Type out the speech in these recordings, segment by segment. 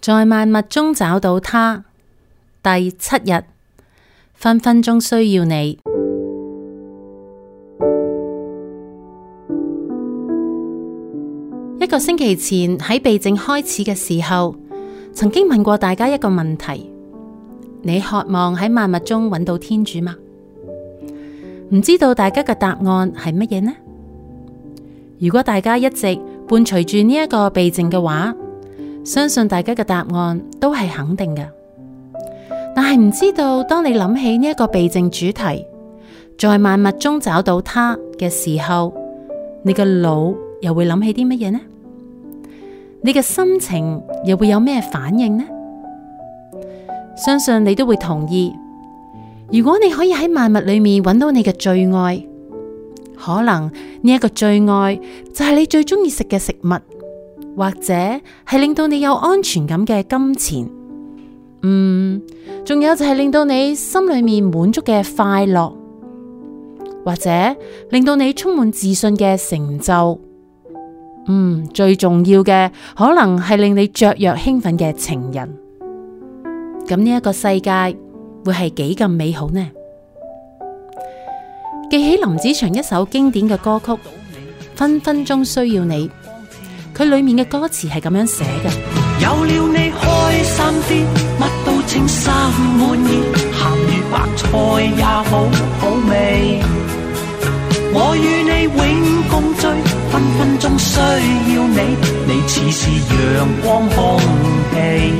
在萬物中找到祂，第七日，分分鐘需要你。一個星期前喺避靜開始嘅時候，曾經問過大家一個問題：你渴望喺萬物中揾到天主嗎？唔知道大家嘅答案係乜嘢呢？如果大家一直伴隨住呢一個避靜嘅話，相信大家嘅答案都係肯定嘅，但係唔知道當你諗起呢一個避靜主題，在萬物中找到它嘅時候，你嘅腦又會諗起啲乜嘢呢？你嘅心情又會有咩反應呢？相信你都會同意。如果你可以喺萬物裏面揾到你嘅最愛，可能呢一個最愛就係你最中意食嘅食物。或者係令到你有安全感嘅金錢，嗯，仲有就係令到你心裏面滿足嘅快樂，或者令到你充滿自信嘅成就，嗯，最重要嘅可能係令你雀躍興奮嘅情人。咁呢一個世界會係幾咁美好呢？記起林子祥一首經典嘅歌曲《分分鐘需要你》。佢裏面嘅歌詞係咁樣寫嘅：有了你開心啲，乜都稱心滿意，鹹魚白菜也好好味。我與你永共聚。分分鐘需要你，你似是陽光空氣。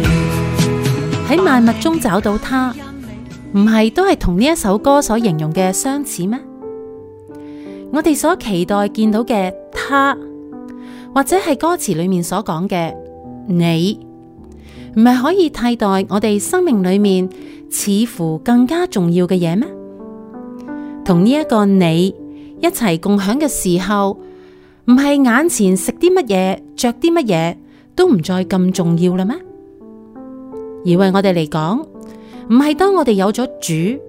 喺萬物中找到他，唔係都係同呢一首歌所形容嘅相似咩？我哋所期待見到嘅他。或者係歌詞裏面所講嘅你，唔係可以替代我哋生命裏面似乎更加重要嘅嘢咩？同呢一個你一齊共享嘅時候，唔係眼前食啲乜嘢，着啲乜嘢都唔再咁重要啦咩？而為我哋嚟講，唔係當我哋有咗主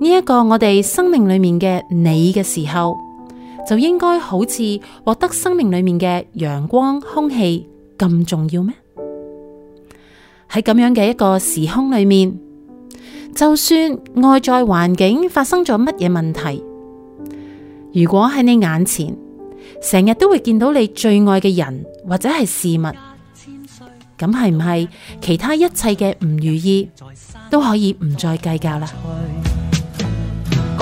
呢一個我哋生命裏面嘅你嘅時候，就應該好似獲得生命裏面嘅陽光、空氣咁重要咩？喺咁樣嘅一個時空裏面，就算外在環境發生咗乜嘢問題，如果喺你眼前，成日都會見到你最愛嘅人，或者係事物，咁係唔係其他一切嘅唔如意，都可以唔再計較啦？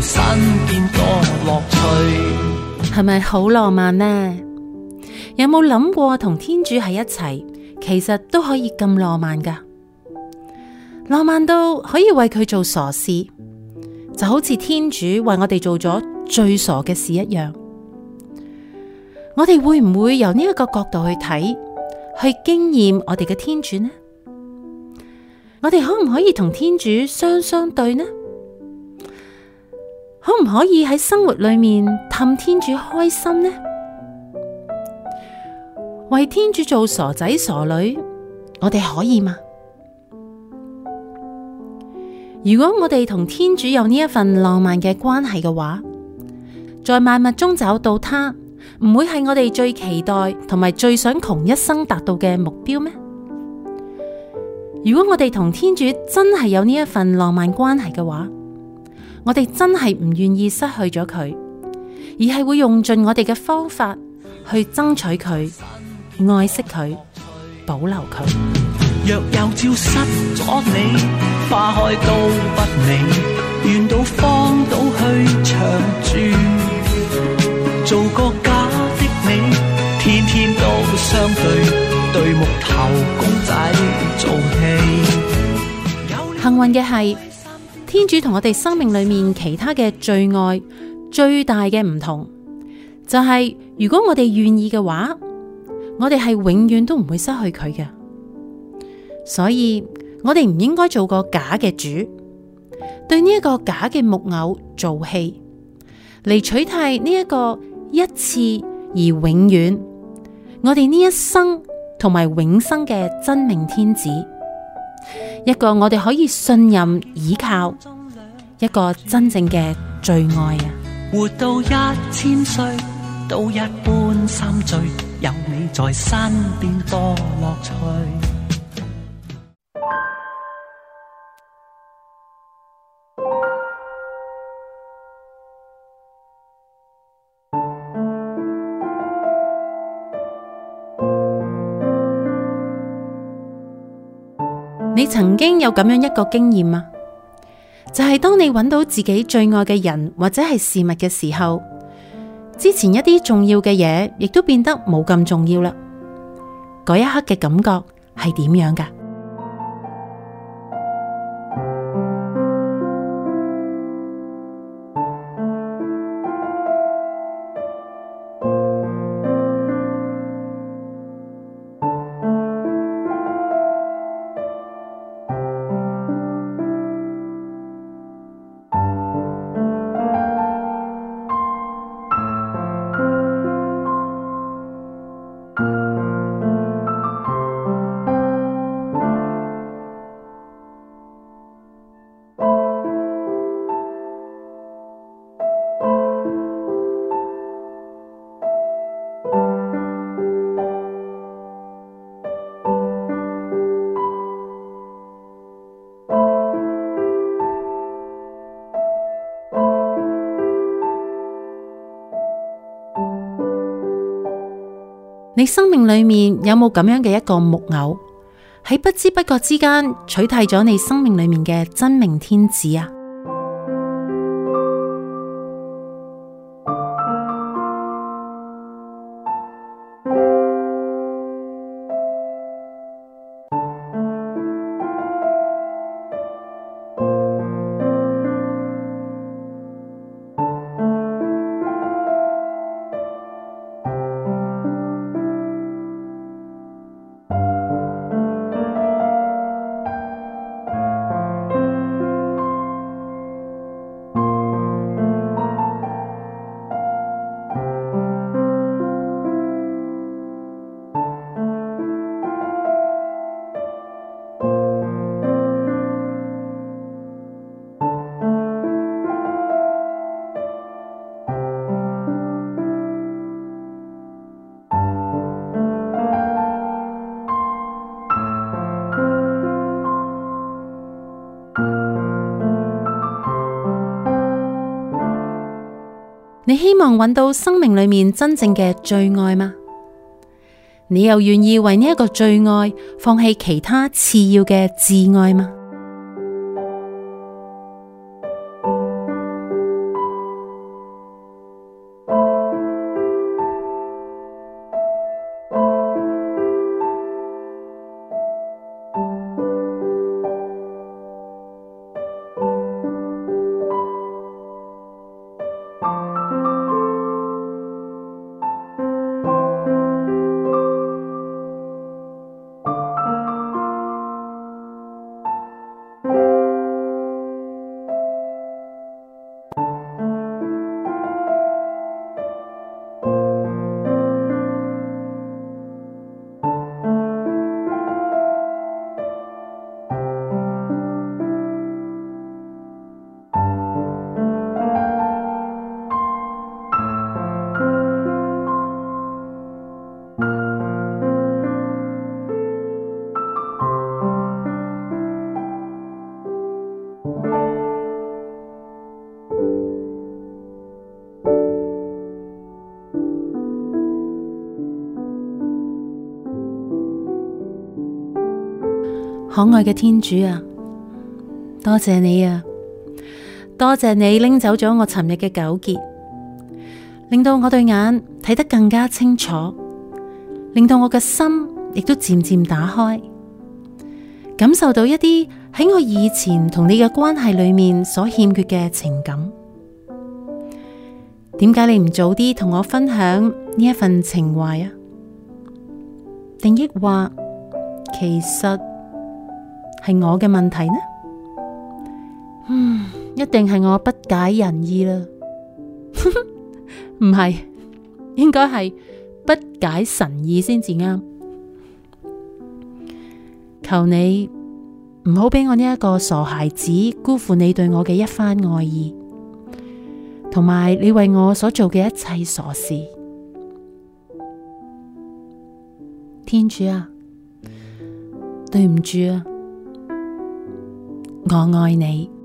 身邊多樂趣，係咪好浪漫呢？有冇諗過同天主喺一齊？其實都可以咁浪漫噶，浪漫到可以為佢做傻事，就好似天主為我哋做咗最傻嘅事一樣。我哋會唔會由呢一個角度去睇，去經驗我哋嘅天主呢？我哋可唔可以同天主雙雙對呢？可唔可以喺生活裏面氹天主開心呢？為天主做傻仔傻女，我哋可以嗎？如果我哋同天主有呢一份浪漫嘅關係嘅話，在萬物中找到祂，唔會係我哋最期待同埋最想窮一生達到嘅目標咩？如果我哋同天主真係有呢一份浪漫關係嘅話，我哋真係唔願意失去咗佢，而係會用盡我哋嘅方法去爭取佢、愛惜佢、保留佢。若有朝失咗你，花開都不美。願到荒島去長住，做個假的你，天天都相對，對木頭公仔做戲。幸運嘅係。天主同我哋生命裏面其他嘅最愛最大嘅唔同，就係、是、如果我哋願意嘅話，我哋係永遠都唔會失去佢嘅。所以我哋唔應該做個假嘅主，對呢一個假嘅木偶做戲，嚟取替呢一個一次而永遠，我哋呢一生同埋永生嘅真命天子。一個我哋可以信任倚靠，一個真正嘅最愛啊！活到一千歲都一般心醉，有你在身邊多樂趣。曾經有咁樣一個經驗啊，就係、是、當你揾到自己最愛嘅人或者係事物嘅時候，之前一啲重要嘅嘢，亦都變得冇咁重要啦。嗰一刻嘅感覺係點樣噶？你生命裏面有冇咁樣嘅一個木偶，喺不知不覺之間取替咗你生命裏面嘅真命天子啊？你希望揾到生命裏面真正嘅最愛嗎？你又願意為呢一個最愛放棄其他次要嘅至愛嗎？可愛嘅天主啊，多謝你啊，多謝你拎走咗我尋日嘅糾結，令到我對眼睇得更加清楚，令到我嘅心亦都漸漸打開，感受到一啲喺我以前同你嘅關係裏面所欠缺嘅情感。點解你唔早啲同我分享呢一份情懷啊？定抑或其實？係我嘅問題呢？嗯，一定係我不解人意啦。唔 係，應該係不解神意先至啱。求你唔好俾我呢一個傻孩子辜負你對我嘅一番愛意，同埋你為我所做嘅一切傻事。天主啊，對唔住啊！我愛你。